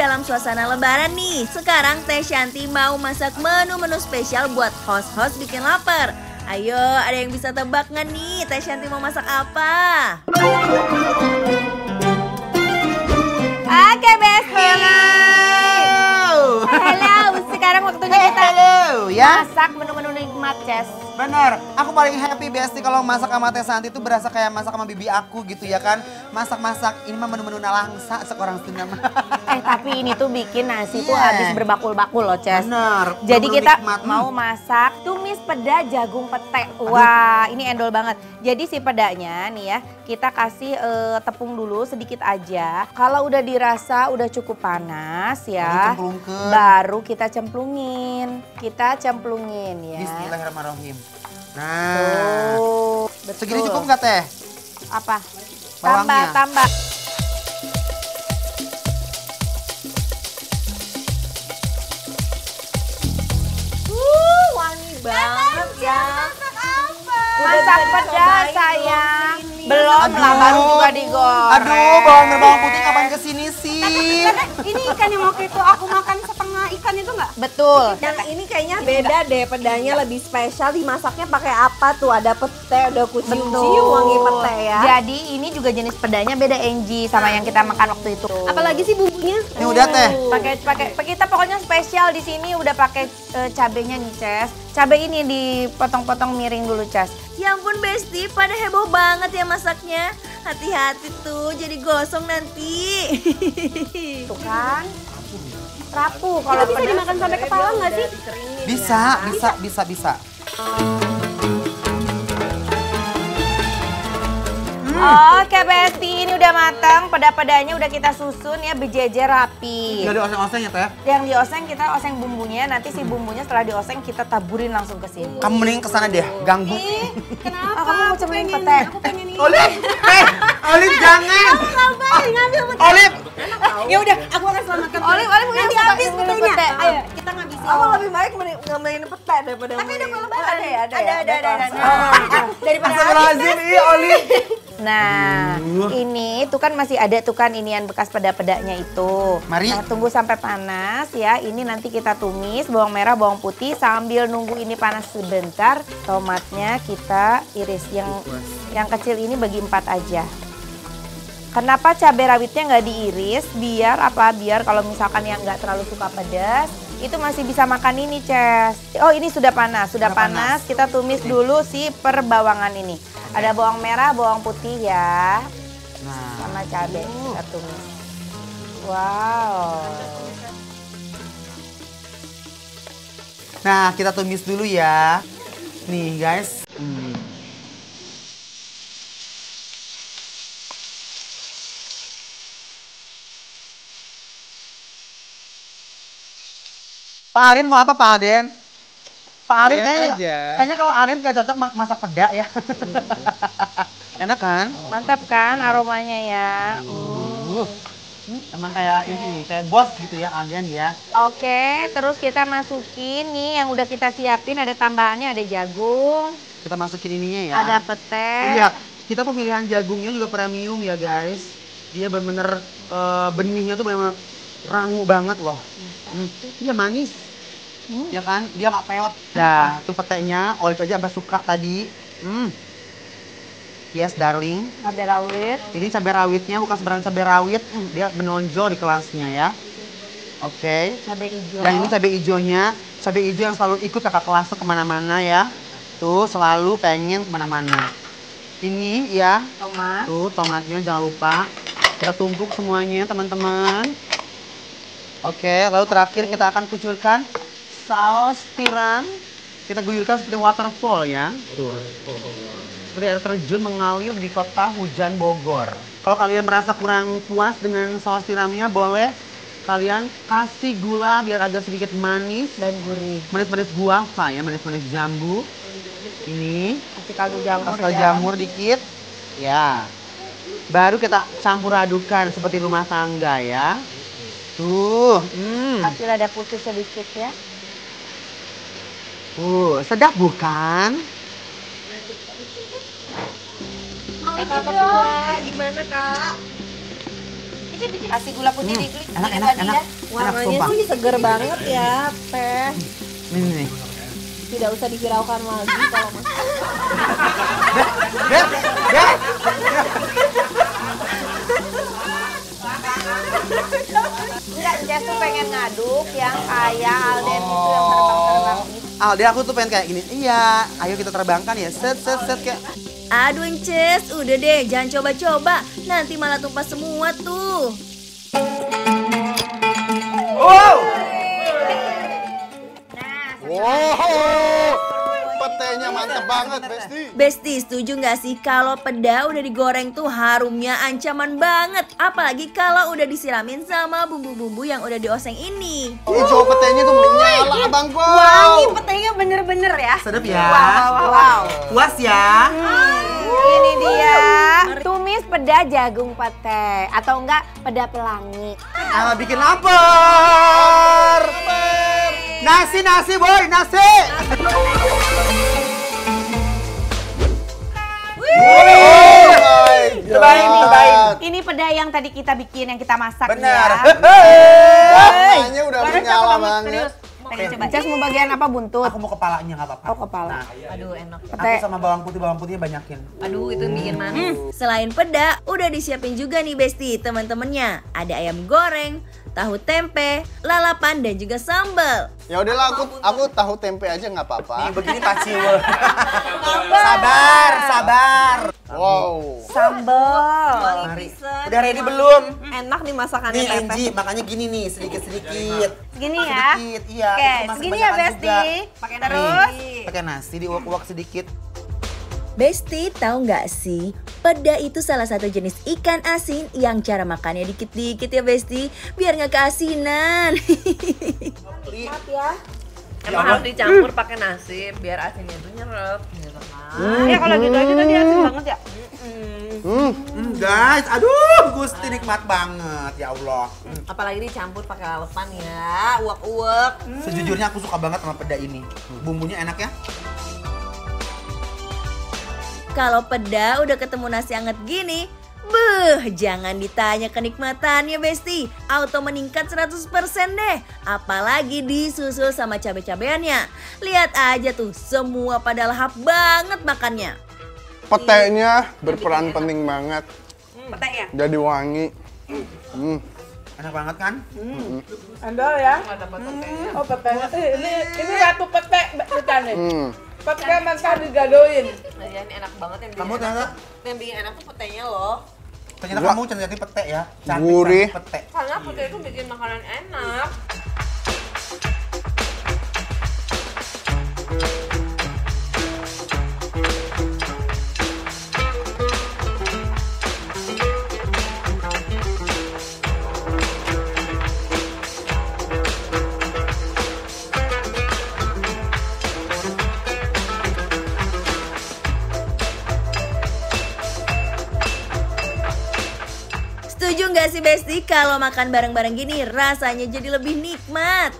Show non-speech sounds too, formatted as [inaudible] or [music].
dalam suasana lebaran nih. Sekarang Teh Shanti mau masak menu-menu spesial buat host-host bikin lapar. Ayo, ada yang bisa tebak nggak nih Teh Shanti mau masak apa? Oke, Besti. Hello. Hello, sekarang waktunya kita hello, ya? masak menu-menu nikmat, Ces. Bener, aku paling happy Besti kalau masak sama Teh Shanti itu berasa kayak masak sama bibi aku gitu ya kan masak-masak ini mah menu-menu nalangsa seorang Sunda mah. eh tapi ini tuh bikin nasi yeah. tuh habis berbakul-bakul loh Ces. Bener. Jadi kita nikmat. mau hmm. masak tumis peda jagung petek. Wah ini endol banget. Jadi si pedanya nih ya kita kasih uh, tepung dulu sedikit aja. Kalau udah dirasa udah cukup panas ya. Baru kita cemplungin. Kita cemplungin ya. Bismillahirrahmanirrahim. Nah. oh, betul. Segini cukup nggak teh? Apa? Tambah, tambah. Uh, wangi banget ya. Masak pedas sayang. Belum lah, baru juga digoreng. Aduh, bawang merah bawang putih kapan kesini sih? Tapi, ini ikan yang waktu itu aku makan Betul. Dan ini kayaknya beda deh, pedanya lebih spesial. Dimasaknya pakai apa tuh? Ada pete, ada kucing, wangi pete ya. Jadi ini juga jenis pedanya beda Angie sama yang kita makan waktu itu. Apalagi sih bumbunya? Ini udah teh. Pakai pakai kita pokoknya spesial di sini udah pakai uh, cabenya nih, Ces. Cabe ini dipotong-potong miring dulu, Ces. Ya ampun, Besti, pada heboh banget ya masaknya. Hati-hati tuh, jadi gosong nanti. Tuh kan. [laughs] rapuh. Kalau bisa dimakan sampai kepala nggak sih? Bisa, ya. bisa, bisa, bisa. Hmm. Oke Besti, ini udah matang, peda-pedanya udah kita susun ya, berjejer rapi. Udah dioseng-oseng ya Teh? Yang di oseng kita oseng bumbunya, nanti si bumbunya setelah di oseng kita taburin langsung ke sini. Kamu mending kesana deh, ganggu. Ih, kenapa? Oh, kamu mau cemilin pete? Olive, pengen Eh, jangan! Kamu Eh, ya udah, aku akan selamatkan. Oleh, oleh mungkin nanti habis petainya. Ayo, iya. kita ngabisin. Aku lebih baik ngambilin peta daripada Tapi ada kalau ya, banget Ada ya, ada. Ada, ada, ada. Ah. Daripada Astagfirullahalazim, iya Oli. Nah, uh. ini tuh kan masih ada tuh kan inian bekas peda-pedanya itu. Mari. Nah, tunggu sampai panas ya. Ini nanti kita tumis bawang merah, bawang putih sambil nunggu ini panas sebentar. Tomatnya kita iris yang yang kecil ini bagi empat aja. Kenapa cabai rawitnya nggak diiris? Biar apa? Biar kalau misalkan yang nggak terlalu suka pedas, itu masih bisa makan ini, Ces. Oh, ini sudah panas, sudah, sudah panas. panas. Kita tumis dulu si perbawangan ini. Ada bawang merah, bawang putih ya. Nah. Sama cabai kita tumis. Wow. Nah, kita tumis dulu ya. Nih, guys. Pak Arin mau apa Pak Arin? Pak Arin kayaknya, aja. kayaknya kalau Arin gak cocok masak peda ya. [laughs] Enak kan? Mantap kan aromanya ya. Uh. Emang kayak ini, kayak bos gitu ya, agen ya. Oke, terus kita masukin nih yang udah kita siapin, ada tambahannya, ada jagung. Kita masukin ininya ya. Ada petai. Iya, kita pemilihan jagungnya juga premium ya guys. Dia bener-bener uh, benihnya tuh memang rangu banget loh. Hmm. Dia hmm. manis. Hmm. Ya kan? Dia nggak peot. Nah, tuh petenya, Oli itu aja sampai suka tadi. Hmm. Yes, darling. Cabai rawit. Ini cabai rawitnya bukan sebenarnya cabai rawit, hmm. dia menonjol di kelasnya ya. Oke. Okay. Cabai hijau. Dan ini cabai hijaunya, cabai hijau yang selalu ikut kakak kelas tuh kemana-mana ya. Tuh selalu pengen kemana-mana. Ini ya. Tomat. Tuh tomatnya jangan lupa. Kita tumpuk semuanya teman-teman. Oke, lalu terakhir kita akan kucurkan saus tiram. Kita guyurkan seperti waterfall ya. Tuh. Seperti air terjun mengalir di kota hujan Bogor. Kalau kalian merasa kurang puas dengan saus tiramnya, boleh kalian kasih gula biar agak sedikit manis dan gurih. Manis-manis guava ya, manis-manis jambu. Ini kasih kaldu jamur. Kasih kaldu ya. jamur dikit. Ya. Baru kita campur adukan seperti rumah tangga ya. Tuh. Hmm. Kasih ada putih sedikit ya. Uh, sedap bukan? Eh, kak, gimana kak? Kasih gula putih hmm. dikit. Enak, enak, ya. enak. Warnanya tuh seger banget ya, Teh. Hmm, ini nih. Tidak usah dihiraukan lagi kalau masih. Beb, beb, beb. Ces tuh pengen ngaduk yang kayak Alden itu yang terbang-terbang gitu. Alden aku tuh pengen kayak gini, iya ayo kita terbangkan ya, set set set kayak. Aduh Ces, udah deh jangan coba-coba, nanti malah tumpah semua tuh. Wow! Nah, wow! kayaknya iya, mantep iya, banget, Besti. Besti, setuju nggak sih kalau peda udah digoreng tuh harumnya ancaman banget. Apalagi kalau udah disiramin sama bumbu-bumbu yang udah dioseng ini. Oh, ini jauh petenya tuh menyala, Abang Wow. Wangi petenya bener-bener ya. Sedap ya. Wow, wow, wow. Puas ya. Hmm. Ini dia. Tumis peda jagung pete atau enggak peda pelangi. Ah, bikin lapar. Nasi nasi boy, nasi. nasi. Cobain nih, cobain. Ini peda yang tadi kita bikin, yang kita masak ya. Benar. ya. Warnanya udah menyala banget. Pengen coba. Cas mau bagian apa buntut? Aku mau kepalanya nggak apa-apa. Oh kepala. Nah, iya, iya. Aduh enak. Pete. Aku sama bawang putih bawang putihnya banyakin. Aduh itu bikin manis. Hmm. Selain peda, udah disiapin juga nih Besti teman-temannya. Ada ayam goreng, tahu tempe, lalapan dan juga sambal. Ya udahlah aku aku tahu tempe aja nggak apa-apa. begini pacul. [laughs] sabar, sabar. Wow. Sambal. Udah ready belum? Enak nih masakannya tempe. Angie, makanya gini nih, sedikit-sedikit. Gini ya. Sedikit, iya. Oke, segini ya Besti. Pakai terus pakai nasi diuak-uak sedikit. Besti, tahu nggak sih Peda itu salah satu jenis ikan asin yang cara makannya dikit-dikit ya Besti, biar nggak keasinan. Lihat ya. Emang harus dicampur pakai nasi biar asinnya itu nyerep gitu kan. hmm, Ya kalau gitu aja tadi asin hmm. banget ya. Hmm, Hmm. Guys, aduh, gusti nikmat banget ya Allah. Hmm. Apalagi dicampur pakai lalapan ya, uak-uak. Hmm. Sejujurnya aku suka banget sama peda ini. Bumbunya enak ya. Kalau peda udah ketemu nasi anget gini, Beuh, jangan ditanya kenikmatannya Besti, auto meningkat 100% deh, apalagi disusul sama cabai-cabeannya. Lihat aja tuh, semua pada lahap banget makannya. Petainya iya. berperan penting banget. Hmm, petai ya? Jadi wangi. Hmm. Enak banget kan? Hmm. Endol ya? Hmm. Oh petainya, ini, ini ratu petai, petai nih. Hmm. Petai mentah digadoin. Iya, ini enak banget yang bikin Kamu enak. tuh, yang bikin enak tuh petenya loh. Ternyata kamu cantik pete ya. Cantik Gurih. pete. Karena pete itu bikin makanan enak. gak sih Besti kalau makan bareng-bareng gini rasanya jadi lebih nikmat?